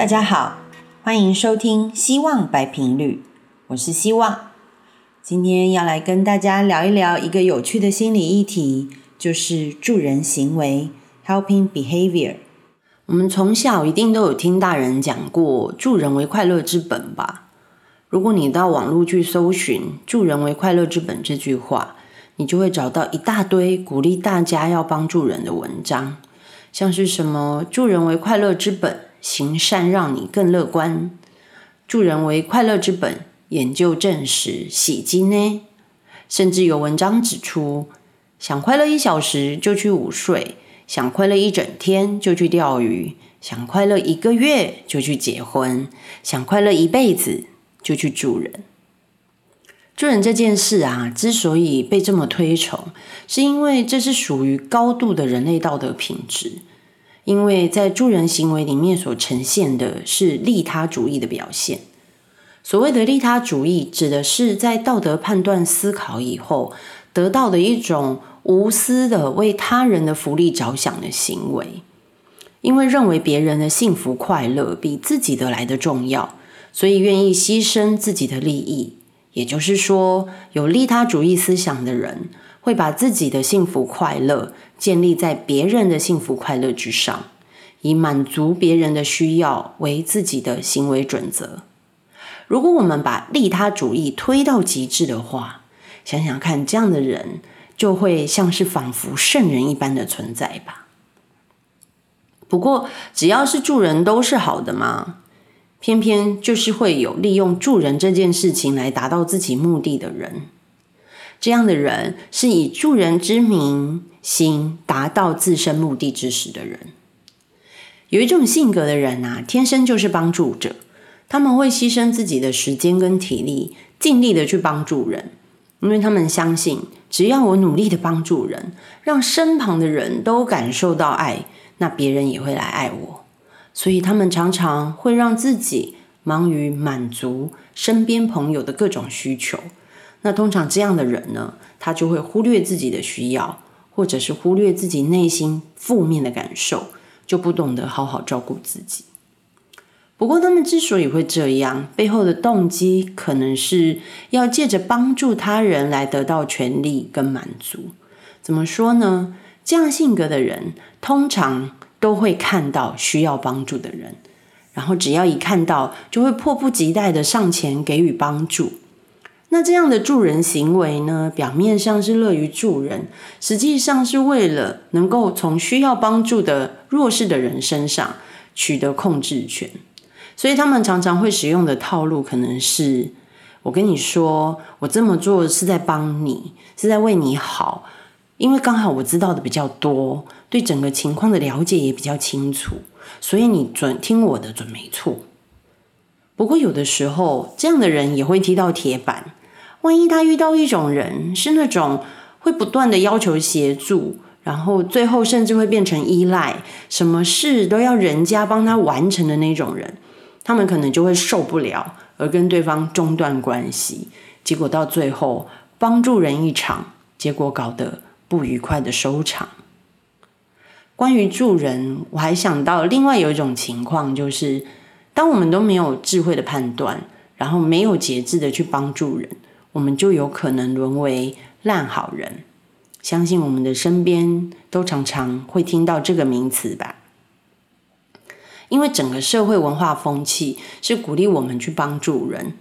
大家好，歡迎收聽《希望白頻率》，我是希望。今天要來跟大家聊一聊一個有趣的心理議題，就是助人行為 （helping behavior）。我們從小一定都有聽大人講過“助人為快樂之本”吧？如果你到網絡去搜尋“助人為快樂之本”這句話，你就會找到一大堆鼓勵大家要幫助人的文章，像是什麼“助人為快樂之本”。行善讓你更樂觀，助人為快樂之本，研究證實，喜極呢，甚至有文章指出，想快樂一小時就去午睡，想快樂一整天就去釣魚，想快樂一個月就去結婚，想快樂一輩子就去助人。助人這件事啊，之所以被這麼推崇，是因為這是屬於高度的人類道德品質。因為在助人行為裡面所呈現的是利他主義的表現。所謂的利他主義，指的是在道德判斷思考以後得到的一種無私的為他人的福利着想的行為。因為認為別人的幸福快樂比自己得來的重要，所以願意犧牲自己的利益。也就是說，有利他主義思想的人。會把自己的幸福快樂建立在別人的幸福快樂之上，以滿足別人的需要為自己的行為準則。如果我們把利他主義推到極致的話，想想看，這樣的人就會像是仿佛聖人一般的存在吧。不過，只要是助人都是好的嘛，偏偏就是會有利用助人這件事情來達到自己目的的人。這樣的人是以助人之名，行達到自身目的之時的人。有一種性格的人啊，天生就是幫助者，他們會犧牲自己的時間跟體力，盡力的去幫助人，因為他們相信，只要我努力的幫助人，讓身旁的人都感受到愛，那別人也會來愛我。所以他們常常會讓自己忙於滿足身邊朋友的各種需求。那通常這樣的人呢，他就會忽略自己的需要，或者是忽略自己內心負面的感受，就不懂得好好照顧自己。不過，他們之所以會這樣，背後的動機可能是要借着幫助他人來得到權力跟滿足。怎麼說呢？這樣性格的人通常都會看到需要幫助的人，然後只要一看到，就會迫不及待地上前給予幫助。那這樣的助人行為呢，表面上是樂於助人，實際上是為了能夠從需要幫助的弱勢的人身上取得控制權。所以他們常常會使用的套路可能是，我跟你說，我這麼做是在幫你，是在為你好，因為剛好我知道的比較多，對整個情況的了解也比較清楚，所以你準，聽我的準沒錯。不過有的時候，這樣的人也會踢到鐵板。萬一他遇到一種人，是那種會不斷的要求協助，然後最後甚至會變成依賴，什麼事都要人家幫他完成的那種人，他們可能就會受不了，而跟對方中斷關係。結果到最後幫助人一場，結果搞得不愉快的收場。關於助人，我還想到另外有一種情況，就是當我們都沒有智慧的判斷，然後沒有節制的去幫助人。我們就有可能淪為爛好人。相信我們的身邊都常常會聽到這個名詞吧？因為整個社會文化風氣是鼓勵我們去幫助人，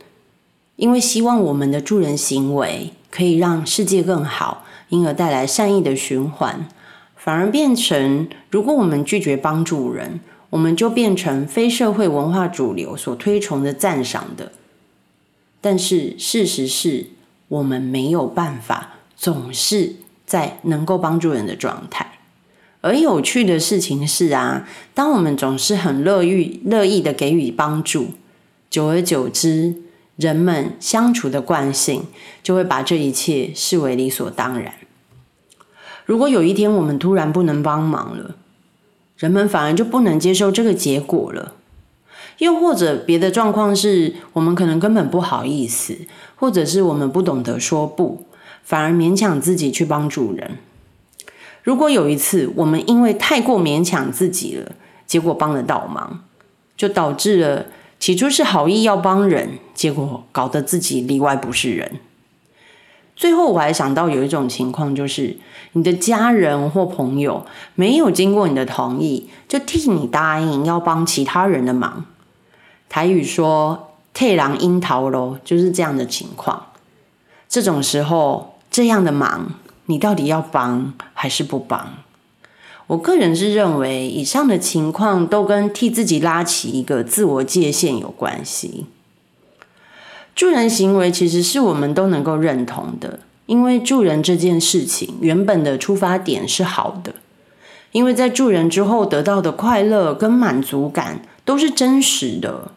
因為希望我們的助人行為可以讓世界更好，因而帶來善意的循環。反而變成，如果我們拒絕幫助人，我們就變成非社會文化主流所推崇的讚賞的。但是事實是，我們沒有辦法總是在能夠幫助人的狀態。而有趣的事情是啊，當我們總是很樂於樂意的給予幫助，久而久之，人們相處的慣性就會把這一切視為理所當然。如果有一天我們突然不能幫忙了，人們反而就不能接受這個結果了。又或者別的狀況是，我們可能根本不好意思，或者是我們不懂得說不，反而勉強自己去幫助人。如果有一次我們因為太過勉強自己了，結果幫得倒忙，就導致了起初是好意要幫人，結果搞得自己裡外不是人。最後我還想到有一種情況，就是你的家人或朋友沒有經過你的同意，就替你答應要幫其他人的忙。台語說“退郎櫻桃咯”，就是這樣的情況。這種時候，這樣的忙，你到底要幫還是不幫？我個人是認為，以上的情況都跟替自己拉起一個自我界限有關係。助人行為其實是我們都能夠認同的，因為助人這件事情原本的出發點是好的，因為在助人之後得到的快樂跟滿足感都是真實的。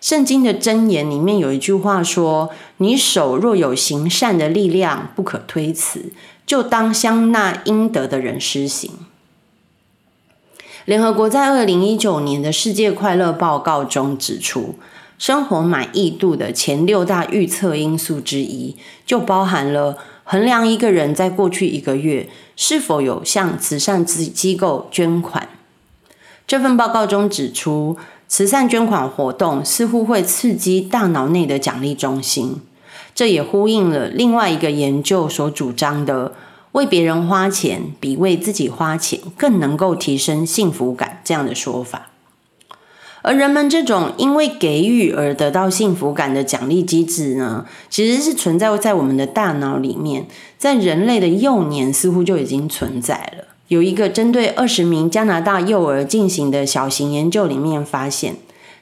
聖經的箴言裡面有一句話說：“你手若有行善的力量，不可推辭，就當向那應得的人施行。”聯合國在二零一九年的世界快樂報告中指出，生活滿意度的前六大預測因素之一，就包含了衡量一個人在過去一個月是否有向慈善機機構捐款。這份報告中指出，慈善捐款活動似乎會刺激大腦內的獎勵中心，這也呼應了另外一個研究所主張的，為別人花錢比為自己花錢更能夠提升幸福感這樣的說法。而人們這種因為給予而得到幸福感的獎勵機制呢，其實是存在在我們的大腦裡面，在人類的幼年似乎就已經存在了。有一個針對二十名加拿大幼兒進行的小型研究，裡面發現，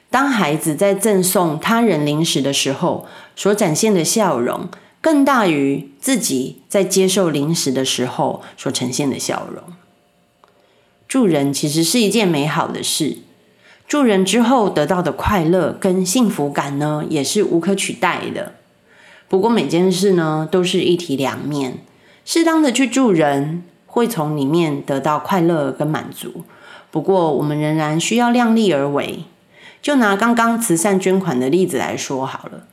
當孩子在贈送他人零食的時候，所展現的笑容，更大於自己在接受零食的時候所呈現的笑容。助人其實是一件美好的事，助人之後得到的快樂跟幸福感呢，也是無可取代的。不過每件事呢，都是一體兩面，適當的去助人。會從裡面得到快樂跟滿足，不過我們仍然需要量力而為。就拿剛剛慈善捐款的例子來說好了，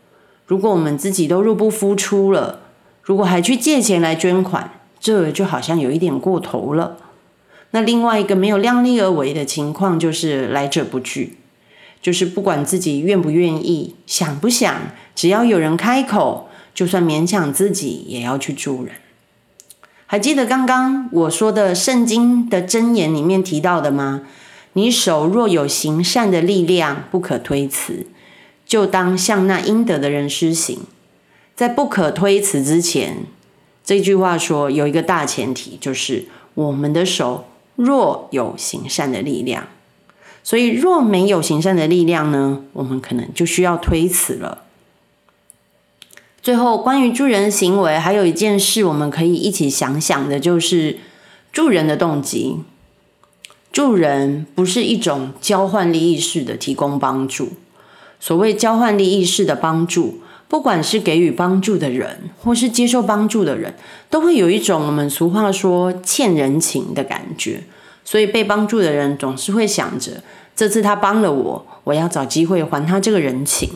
如果我們自己都入不敷出了，如果還去借錢來捐款，這就好像有一點過頭了。那另外一個沒有量力而為的情況，就是來者不拒，就是不管自己願不願意、想不想，只要有人開口，就算勉強自己也要去助人。還記得剛剛我說的《聖經》的箴言裡面提到的嗎？你手若有行善的力量，不可推辭，就當向那應得的人施行。在不可推辭之前，這句話說有一個大前提，就是我們的手若有行善的力量。所以，若沒有行善的力量呢，我們可能就需要推辭了。最後，關於助人的行為，還有一件事我們可以一起想想的，就是助人的動機。助人不是一種交換利益式的提供幫助。所謂交換利益式的幫助，不管是給予幫助的人，或是接受幫助的人，都會有一種我們俗話說“欠人情”的感覺。所以，被幫助的人總是會想着，這次他幫了我，我要找機會還他這個人情。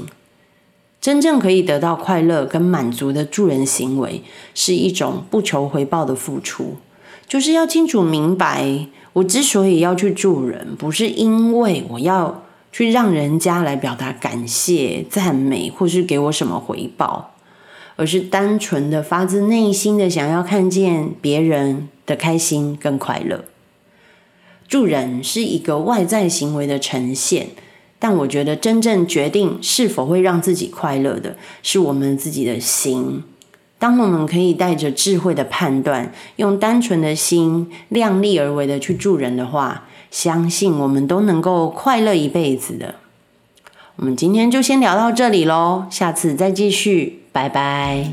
真正可以得到快樂跟滿足的助人行為，是一種不求回報的付出。就是要清楚明白，我之所以要去助人，不是因為我要去讓人家來表達感謝、讚美，或是給我什麼回報，而是單純的發自內心的想要看見別人的開心跟快樂。助人是一個外在行為的呈現。但我覺得，真正決定是否會讓自己快樂的，是我們自己的心。當我們可以帶着智慧的判斷，用單純的心，量力而為的去助人的話，相信我們都能夠快樂一輩子的。我們今天就先聊到這裡嘍，下次再繼續，拜拜。